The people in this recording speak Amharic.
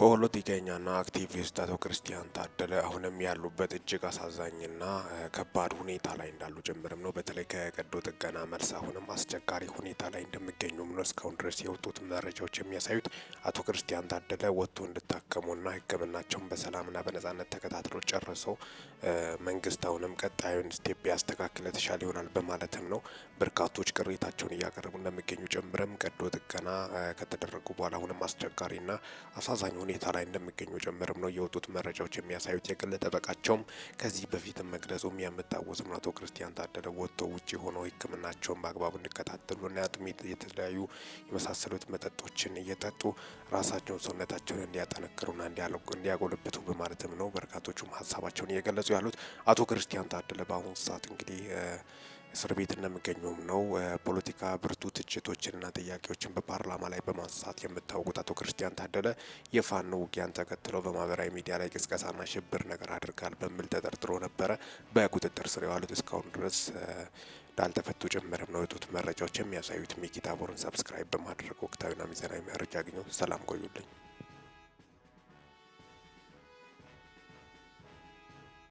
ፖለቲከኛና አክቲቪስት አቶ ክርስቲያን ታደለ አሁንም ያሉበት እጅግ አሳዛኝና ከባድ ሁኔታ ላይ እንዳሉ ጭምርም ነው። በተለይ ከቀዶ ጥገና መልስ አሁንም አስቸጋሪ ሁኔታ ላይ እንደሚገኙም ነው እስካሁን ድረስ የወጡት መረጃዎች የሚያሳዩት። አቶ ክርስቲያን ታደለ ወጥቶ እንድታከሙና ሕክምናቸውን በሰላምና በነጻነት ተከታትሎ ጨርሶ መንግስት አሁንም ቀጣዩን ስቴፕ ያስተካክለ ተሻለ ይሆናል በማለትም ነው በርካቶች ቅሬታቸውን እያቀረቡ እንደሚገኙ ጭምርም ቀዶ ጥገና ከተደረጉ በኋላ አሁንም አስቸጋሪና አሳዛኝ ሁኔታ ሁኔታ ላይ እንደሚገኙ ጭምርም ነው የወጡት መረጃዎች የሚያሳዩት። የግል ጠበቃቸውም ከዚህ በፊት መግለጹም የምታወስም አቶ ክርስቲያን ታደለ ወጥቶ ውጭ ሆነው ሕክምናቸውን በአግባቡ እንዲከታተሉና አጥሚት፣ የተለያዩ የመሳሰሉት መጠጦችን እየጠጡ ራሳቸውን ሰውነታቸውን እንዲያጠነክሩና እንዲያጎለብቱ በማለትም ነው በርካቶቹም ሀሳባቸውን እየገለጹ ያሉት። አቶ ክርስቲያን ታደለ በአሁኑ ሰዓት እንግዲህ እስር ቤት እንደሚገኙም ነው ፖለቲካ ብርቱ ትችቶችንና ጥያቄዎችን በፓርላማ ላይ በማንሳት የምታወቁት አቶ ክርስቲያን ታደለ የፋኖ ውጊያን ተከትለው በማህበራዊ ሚዲያ ላይ ቅስቀሳና ሽብር ነገር አድርጋል በሚል ተጠርጥሮ ነበረ። በቁጥጥር ስር የዋሉት እስካሁን ድረስ እንዳልተፈቱ ጭምርም ነው የወጡት መረጃዎች የሚያሳዩት። ሚኪታቦርን ሰብስክራይብ በማድረግ ወቅታዊና ሚዛናዊ መረጃ አግኘው። ሰላም ቆዩልኝ።